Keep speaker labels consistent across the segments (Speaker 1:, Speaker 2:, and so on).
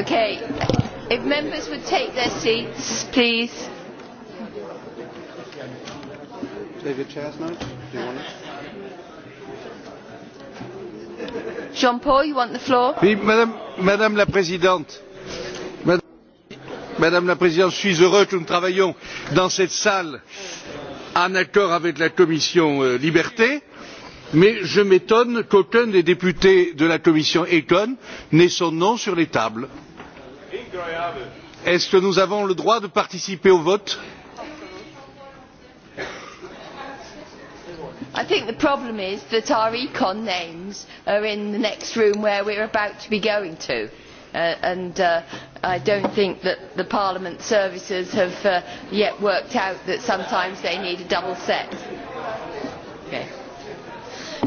Speaker 1: If members would take their seats, please. Jean Paul, you want the floor? Oui, Madame, Madame la Présidente. Madame la Présidente, je suis heureux que nous travaillions dans cette salle en accord avec la Commission euh, Liberté mais je m'étonne qu'aucun des députés de la commission econ n'ait son nom sur les tables est ce que nous avons le droit de participer au vote? i think the problem is that our econ names are in the next room where we are about to be going to uh, and uh, i do not think that the parliament services have uh, yet worked out that sometimes they need a double set. Okay.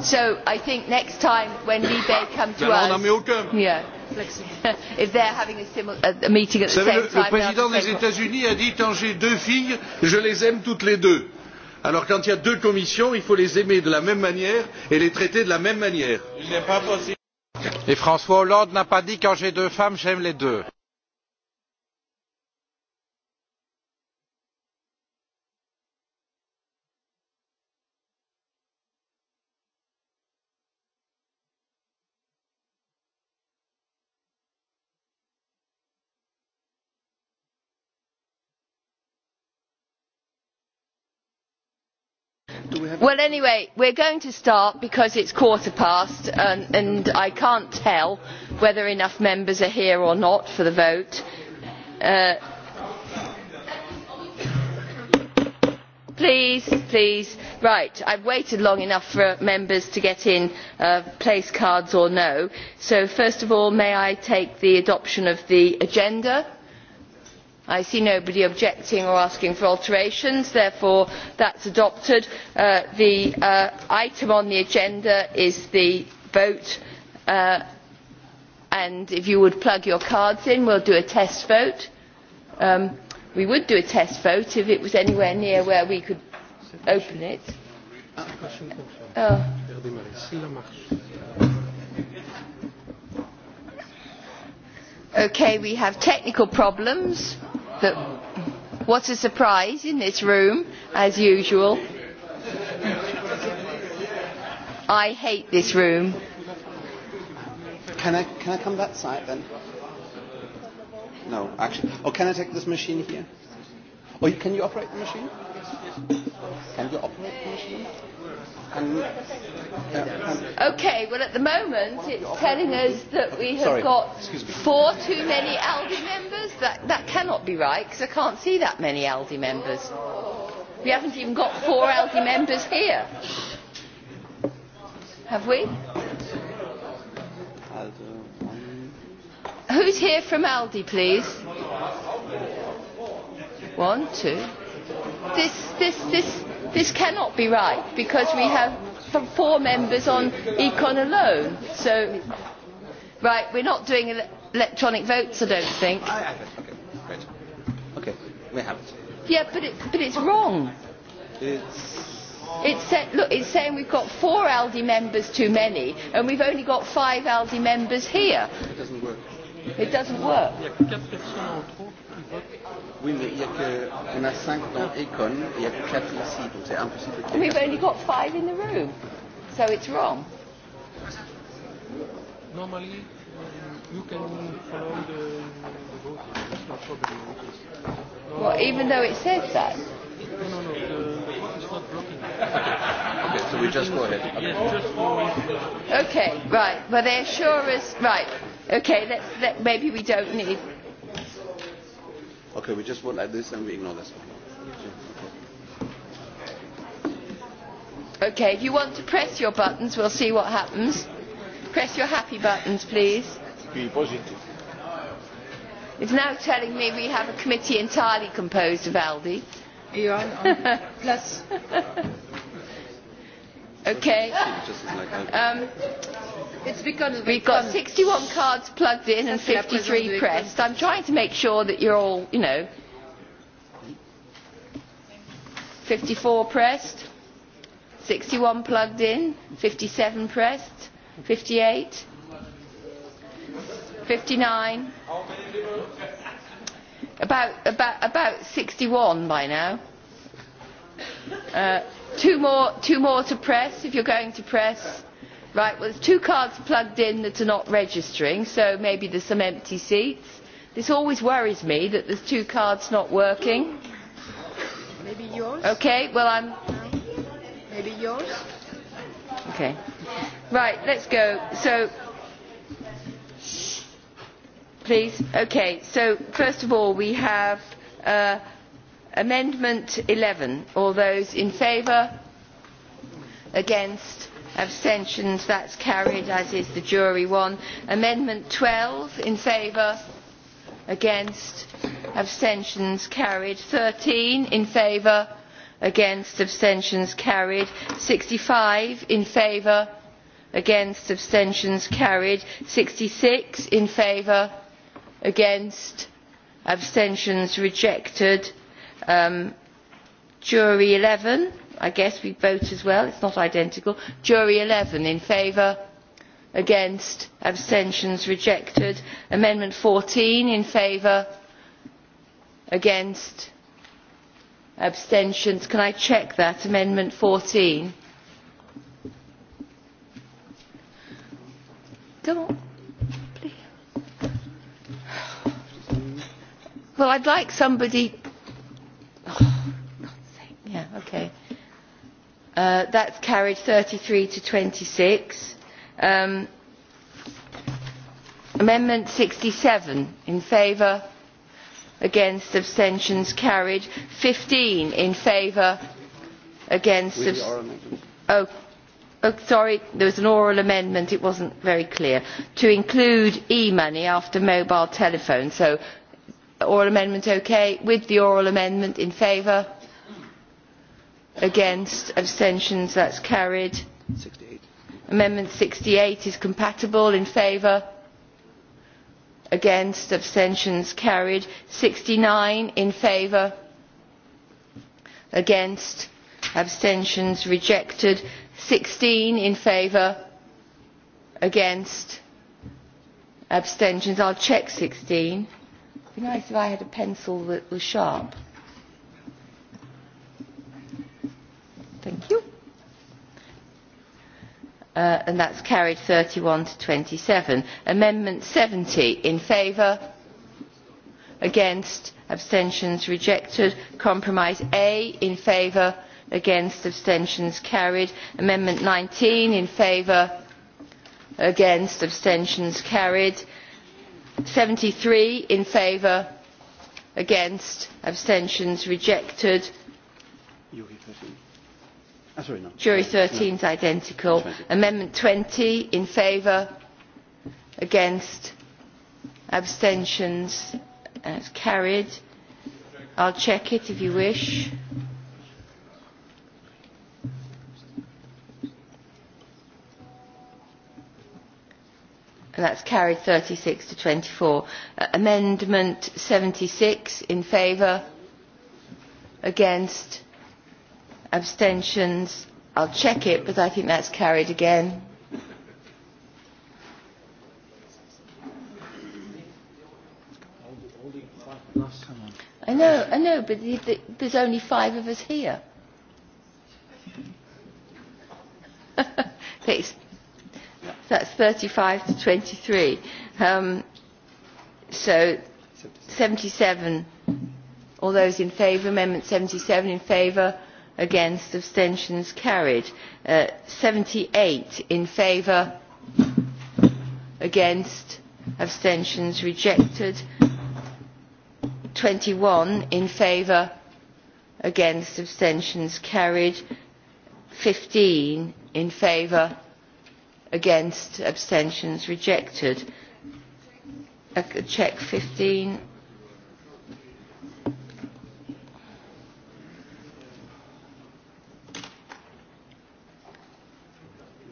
Speaker 1: so i think next time when libe comes to us yeah, if savez, same Le président des États-Unis a dit quand j'ai deux filles, je les aime toutes les deux. Alors quand il y a deux commissions, il faut les aimer de la même manière et les traiter de la même manière. Il n'est pas possible. Et François Hollande n'a pas dit quand j'ai deux femmes, j'aime les deux. well anyway we are going to start because it is quarter past um, and, i cannot tell whether enough members are here or not for the vote. Uh, please please right i have waited long enough for members to get in uh, place cards or no so first of all may i take the adoption of the agenda? i see nobody objecting or asking for alterations therefore that is adopted. Uh, the uh, item on the agenda is the vote uh, and if you would plug your cards in we will do a test vote. Um, we would do a test vote if it was anywhere near where we could open it. Okay, we have technical problems that what a surprise in this room, as usual. I hate this room. Can I, can I come that side then? No, actually. Oh, can I take this machine here? Oh, can you operate the machine? Can you operate the machine? Can, yeah, can, okay, well, at the moment, it's telling us that we have Sorry, got four too many ALDE members that, that cannot be right because I can't see that many ALDE members. We haven't even got four ALDE members here. Have we? Who's here from ALDE, please? One, two. This, this, this, this cannot be right because we have four members on econ alone. So, right, we're not doing electronic votes, I don't think. I have Okay, great. Okay, we have it. Yeah, but, it, but it's wrong. It's... It's say, look, it's saying we've got four ALDI members too many, and we've only got five ALDI members here. It doesn't work. It doesn't work. Oui, mais il y a que on a cinq dans Econ, il y a que quatre ici, donc c'est impossible. We've only got five in the room, so it's wrong. Normally, you can follow the, the voting. That's not problem. No, well, even though it says that. No, no, no. The, vote is not blocking. Okay. okay, so we just go ahead. Okay. Yes, just go Okay, right. Well, they assure us. Right. Okay, let's, let, maybe we don't need. Okay, we just vote like this and we ignore this one. Okay, if you want to press your buttons, we'll see what happens. Press your happy buttons, please be positive. It's now telling me we have a committee entirely composed of ALDI. You are on plus. okay. Um, it's because we've we've got done. 61 cards plugged in and 53 pressed. I'm trying to make sure that you're all, you know, 54 pressed, 61 plugged in, 57 pressed, 58. 59 about, about, about 61 by now uh, two more two more to press if you're going to press right well there's two cards plugged in that are not registering so maybe there's some empty seats this always worries me that there's two cards not working maybe yours okay well I'm no. maybe yours okay right let's go so first of all we have uh, amendment eleven all those in favour against abstentions that is carried as is the jury one amendment twelve in favour against abstentions carried thirteen in favour against abstentions carried sixty five in favour against abstentions carried sixty six in favour against abstentions rejected um, jury eleven i guess we vote as well it is not identical jury eleven in favour against abstentions rejected amendment fourteen in favour against abstentions can i check that amendment fourteen come on Well, I'd like somebody. Oh, saying... yeah, okay. Uh, that's carried 33 to 26. Um, amendment 67 in favour, against abstentions carried. 15 in favour, against. oh, Oh, sorry there was an oral amendment it was not very clear to include e money after mobile telephone so oral amendment ok with the oral amendment in favour against abstentions that is carried. amendment sixty eight is compatible in favour against abstentions carried sixty nine in favour against abstentions rejected sixteen in favour against abstentions i will check sixteen be nice if I had a pencil that was sharp. Thank you. Uh, and that's carried 31 to 27. Amendment 70 in favour, against, abstentions rejected. Compromise A in favour, against, abstentions carried. Amendment 19 in favour, against, abstentions carried seventy three in favour against abstentions rejected jury thirteen ah, no. no. is identical amendment twenty in favour against abstentions carried. i will check it if you wish. and that's carried 36 to 24. Uh, amendment 76 in favour, against, abstentions. I'll check it, but I think that's carried again. I know, I know, but the, the, there's only five of us here. Please. thirty five to twenty three um, so seventy seven all those in favour amendment seventy seven in favour against abstentions carried seventy uh, eight in favour against abstentions rejected twenty one in favour against abstentions carried fifteen in favour against abstentions rejected check 15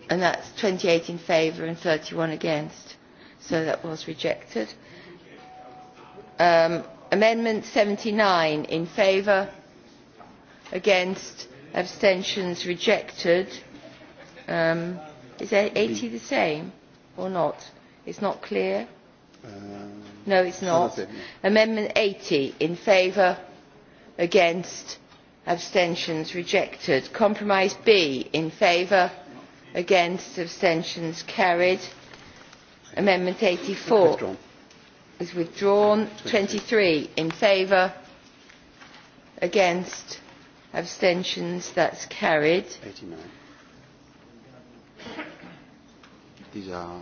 Speaker 1: and that's 28 in favour and 31 against so that was rejected um, amendment 79 in favour against abstentions rejected um, Is 80 the same or not? It's not clear. Uh,
Speaker 2: no, it's not. It,
Speaker 1: Amendment eighty in favour, against, abstentions rejected. Compromise B in favour, against, abstentions carried. Amendment eighty four is withdrawn. twenty three in favour, against, abstentions that's carried. 89 These are.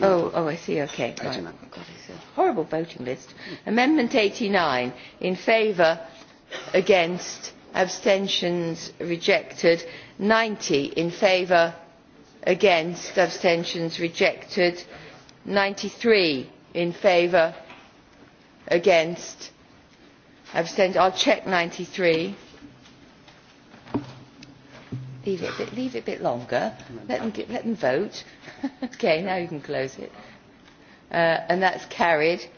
Speaker 1: oh, oh, I see. Okay. Right. God, it's a horrible voting list. Amendment 89 in favour, against, abstentions, rejected. 90 in favour, against, abstentions, rejected. 93 in favour, against, abstentions. I'll check 93. Leave it a bit, leave it a bit longer. Let them, get, let them vote. okay, now you can close it. Uh, and that's carried.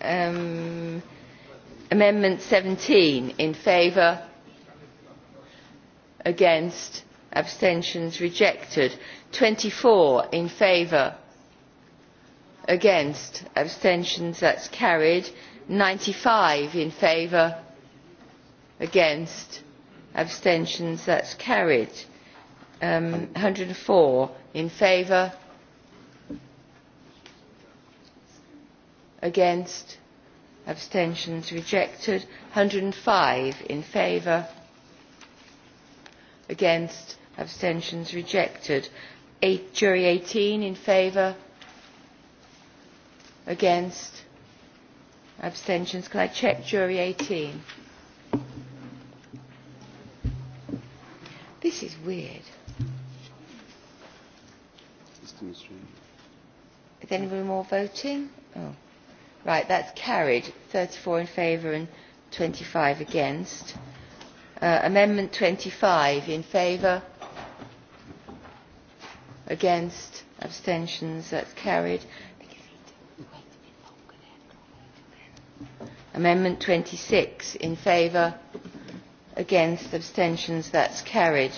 Speaker 1: Um, amendment 17 in favour, against, abstentions rejected. 24 in favour, against, abstentions that's carried. 95 in favour, against, abstentions that is carried um, 104 in favour against abstentions rejected 105 in favour against abstentions rejected Eight, jury 18 in favour against abstentions can i check jury 18 This is weird. Is anybody more voting? Oh. Right, that's carried. 34 in favour and 25 against. Uh, amendment 25 in favour. Against. Abstentions. That's carried. Amendment 26 in favour against abstentions that is carried.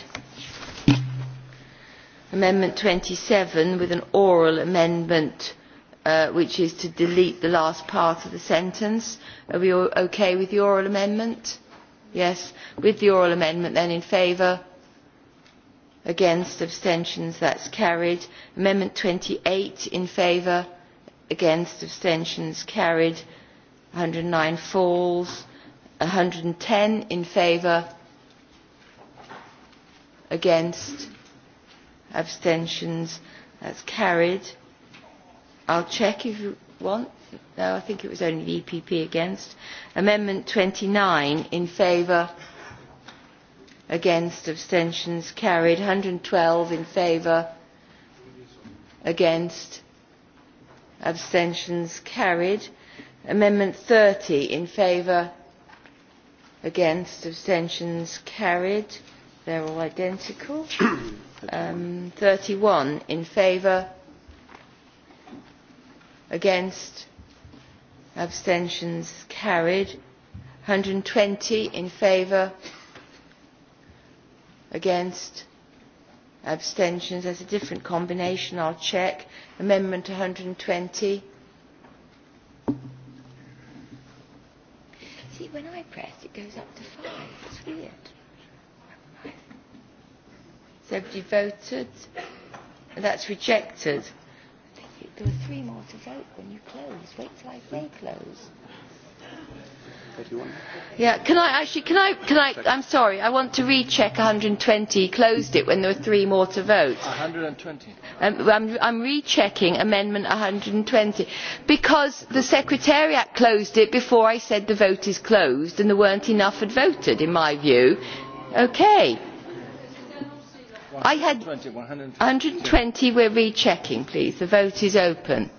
Speaker 1: amendment 27 with an oral amendment uh, which is to delete the last part of the sentence. are we all okay with the oral amendment? yes. with the oral amendment then in favour? against abstentions that's carried. amendment 28 in favour against abstentions carried. 109 falls hundred and ten in favour against abstentions that's carried i'll check if you want no i think it was only the epp against amendment twenty nine in favour against abstentions carried one hundred and twelve in favour against abstentions carried amendment thirty in favour against abstentions carried they are all identical um, 31 in favour against abstentions carried 120 in favour against abstentions there's a different combination I'll check amendment 120 when I press, it goes up to five. It's weird. So everybody voted. That's rejected. There were three more to vote when you close. Wait till I say close. Yeah, can I actually, can I, can I, I'm sorry, I want to recheck 120. Closed it when there were three more to vote. 120. Um, I'm, I'm rechecking Amendment 120 because the Secretariat closed it before I said the vote is closed and there weren't enough had voted, in my view. Okay. I had 120, we're rechecking, please. The vote is open.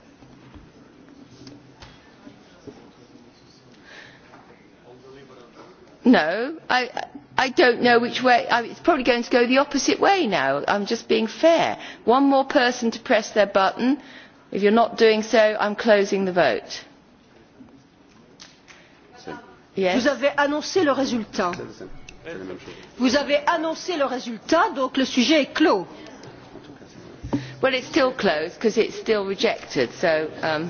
Speaker 1: no i, do not know which way it is probably going to go the opposite way now i am just being fair. one more person to press their button. if you are not doing so i am closing the vote. vous avez annoncé le résultat. vous avez annoncé le résultat donc le sujet est clos. well it is still closed because it is still rejected so um,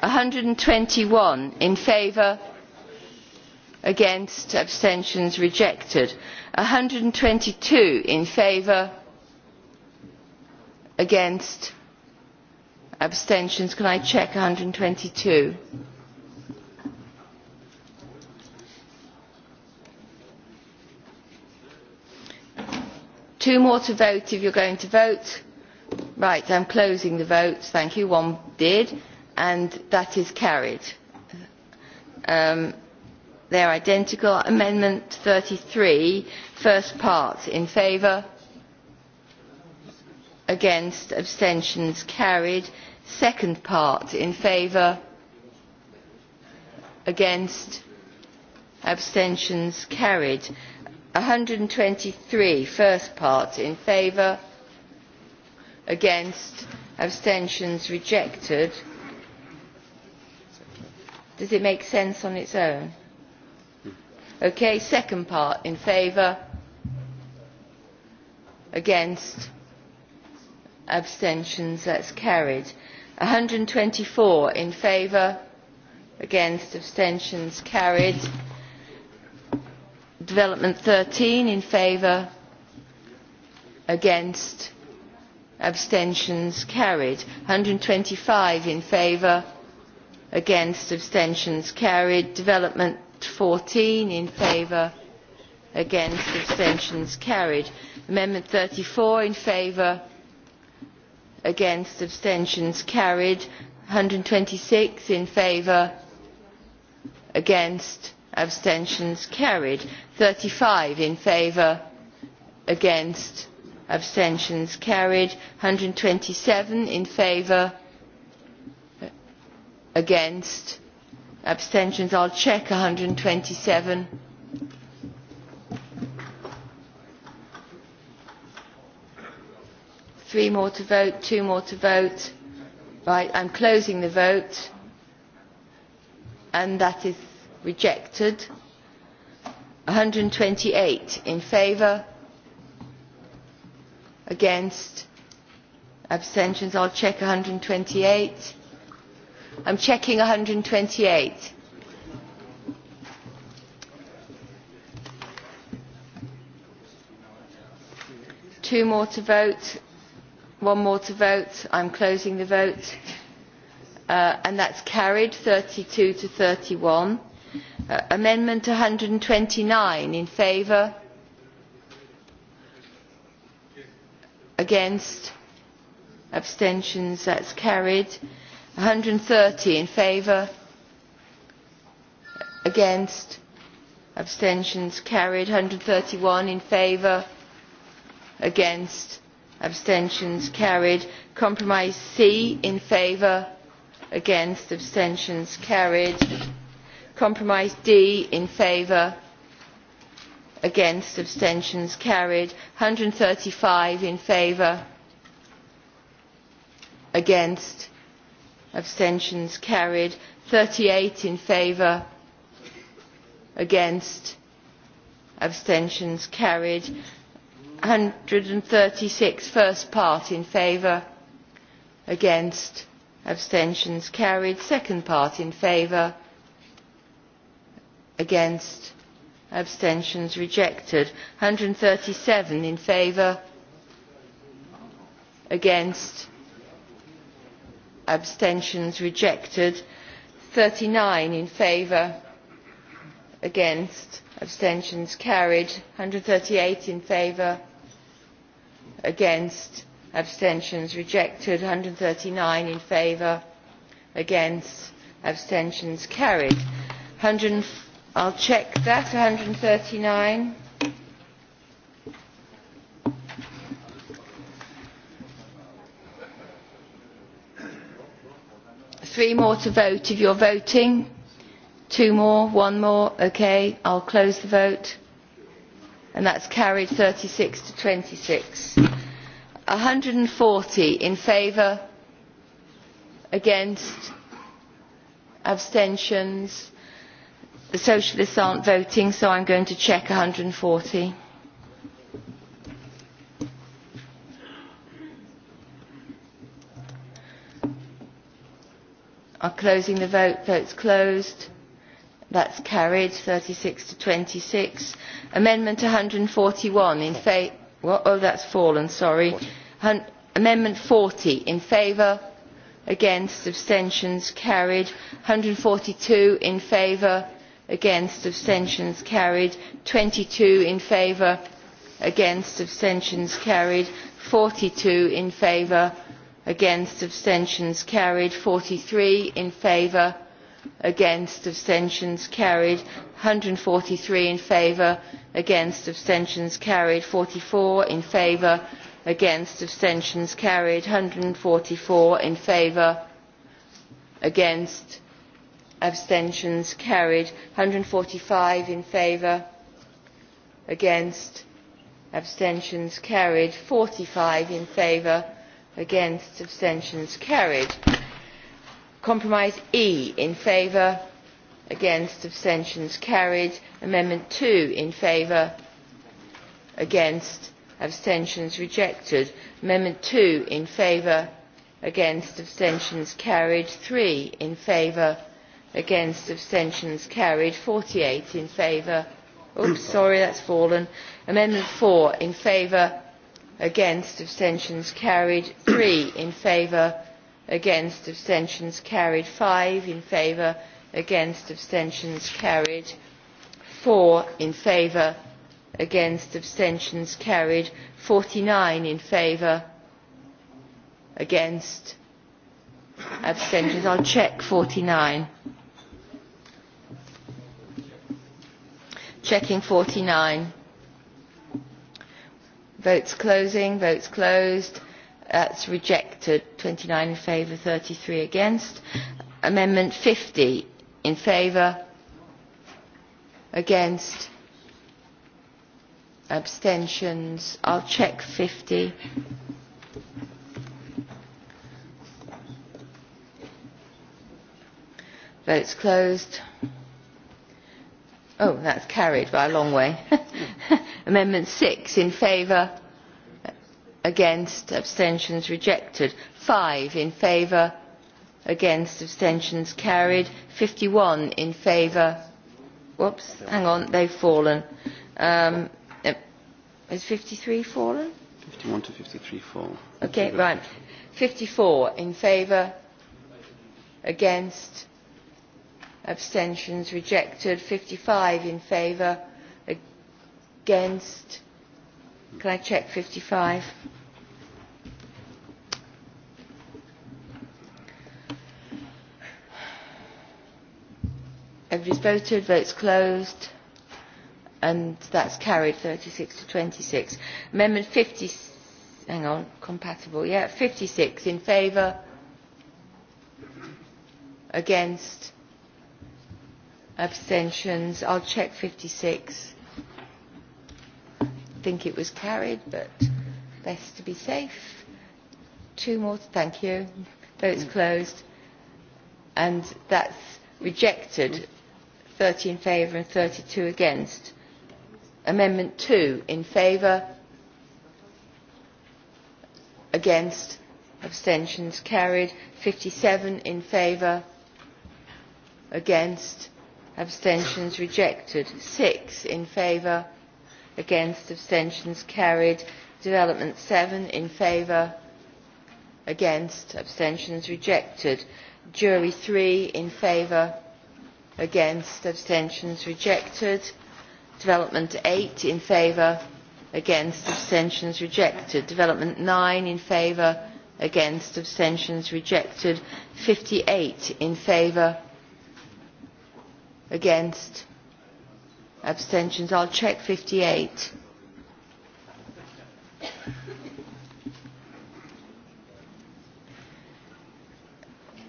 Speaker 1: one hundred and twenty one in favour against abstentions rejected one hundred and twenty two in favour against abstentions can i check one hundred and twenty two two more to vote if you are going to vote right i am closing the vote thank you one did and that is carried. Um, they are identical. Amendment 33, first part, in favour, against, abstentions carried. Second part, in favour, against, abstentions carried. 123, first part, in favour, against, abstentions rejected does it make sense on its own? okay second part in favour against abstentions That's carried 124 in favour against abstentions carried development 13 in favour against abstentions carried 125 in favour against abstentions carried development 14 in favour against abstentions carried amendment 34 in favour against abstentions carried 126 in favour against abstentions carried 35 in favour against abstentions carried 127 in favour against abstentions i'll check 127 three more to vote two more to vote right i'm closing the vote and that is rejected 128 in favour against abstentions i'll check 128 I'm checking 128. Two more to vote. One more to vote. I'm closing the vote. Uh, and that's carried 32 to 31. Uh, amendment 129 in favour. Against. Abstentions. That's carried. 130 in favour against abstentions carried 131 in favour against abstentions carried compromise c in favour against abstentions carried compromise d in favour against abstentions carried one hundred and thirty five in favour against abstentions carried thirty eight in favour against abstentions carried one hundred and thirty six first part in favour against abstentions carried second part in favour against abstentions rejected one hundred and thirty seven in favour against abstentions rejected thirty nine in favour against abstentions carried one hundred and thirty eight in favour against abstentions rejected one hundred and thirty nine in favour against abstentions carried i will check that one hundred and thirty nine three more to vote if you are voting. Two more, one more, okay, will close the vote. And that is carried thirty six to twenty six one hundred and forty in favour, against, abstentions. The socialists are not voting, so i am going to check one hundred and forty closing the vote. Votes closed. That's carried. 36 to 26. Amendment 141 in favour. Oh, that's fallen. Sorry. Hun Amendment 40 in favour. Against abstentions carried. 142 in favour. Against abstentions carried. 22 in favour. Against abstentions carried. 42 in favour against abstentions carried forty three in favour against abstentions carried one hundred and forty three in favour against abstentions carried forty four in favour against abstentions carried one hundred and forty four in favour against abstentions carried one hundred and forty five in favour against abstentions carried forty five in favour against abstentions carried compromise e in favour against abstentions carried amendment two in favour against abstentions rejected amendment two in favour against abstentions carried three in favour against abstentions carried forty eight in favour oops sorry that's fallen amendment four in favour against abstentions carried three in favour against abstentions carried five in favour against abstentions carried four in favour against abstentions carried forty nine in favour against abstentions i'll check forty nine checking forty nine votes closing votes closed that's rejected twenty nine in favour thirty three against amendment fifty in favour against abstentions i'll check fifty votes closed Oh, that's carried by a long way. Amendment 6 in favour, against, abstentions rejected. 5 in favour, against, abstentions carried. 51 in favour, whoops, hang on, they've fallen. Um, uh, has 53 fallen? 51 to 53 fall. Okay, right. 54 in favour, against, abstentions rejected 55 in favour against can I check 55 everybody's voted votes closed and that's carried 36 to 26 amendment 50 hang on compatible yeah 56 in favour against abstentions i'll check 56 think it was carried but best to be safe two more thank you votes closed and that's rejected 30 in favour and 32 against amendment 2 in favour against abstentions carried 57 in favour against abstentions rejected six in favour against abstentions carried development seven in favour against abstentions rejected jury three in favour against abstentions rejected development eight in favour against abstentions rejected development nine in favour against abstentions rejected fifty eight in favour Against? Abstentions. I'll check 58.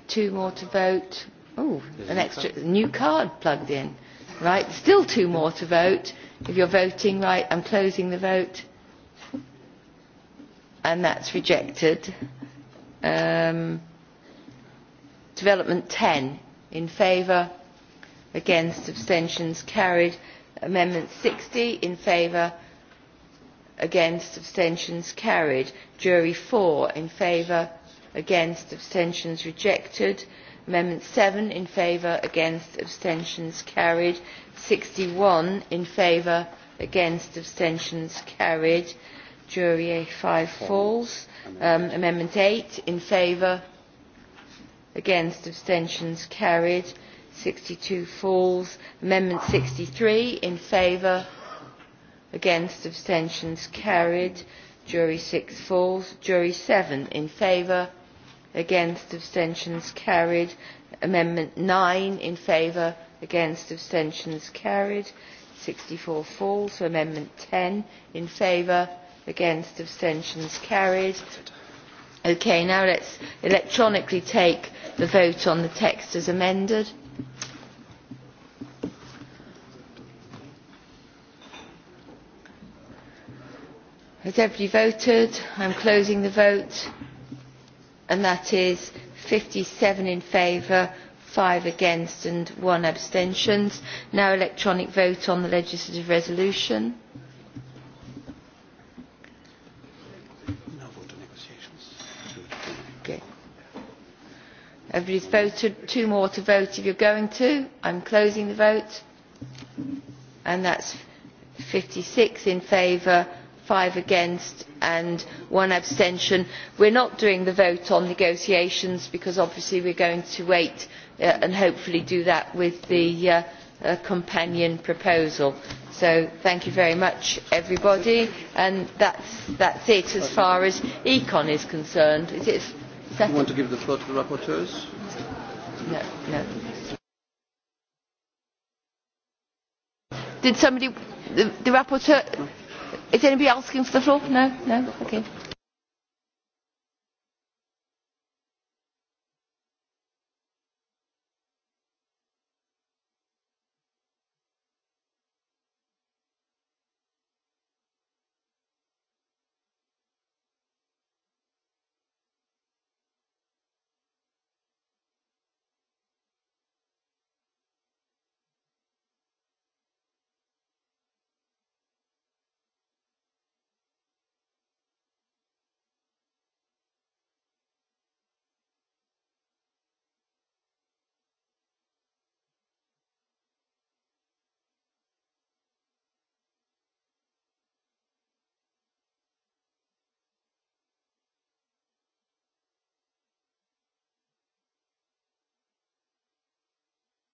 Speaker 1: Two more to vote. Oh, an extra new card plugged in. Right, still two more to vote. If you're voting, right, I'm closing the vote. And that's rejected. Um, development 10 in favour against abstentions carried amendment sixty in favour against abstentions carried jury four in favour against abstentions rejected amendment seven in favour against abstentions carried sixty one in favour against abstentions carried jury a five falls um, amendment eight in favour against abstentions carried sixty two falls amendment sixty three in favour against abstentions carried jury six falls jury seven in favour against abstentions carried amendment nine in favour against abstentions carried sixty four falls amendment ten in favour against abstentions carried okay now let's electronically take the vote on the text as amended Has everybody voted? I'm closing the vote. And that is 57 in favour, 5 against and 1 abstentions. Now electronic vote on the legislative resolution. everybody has voted two more to vote if you are going to i am closing the vote and that is fifty six in favour five against and one abstention. we are not doing the vote on negotiations because obviously we are going to wait uh, and hopefully do that with the uh, uh, companion proposal. so thank you very much everybody and that is it as far as econ is concerned. It That's you want to give the floor to the rapporteurs? No, no. Did somebody, the, the rapporteur, is anybody asking for the floor? No, no, okay.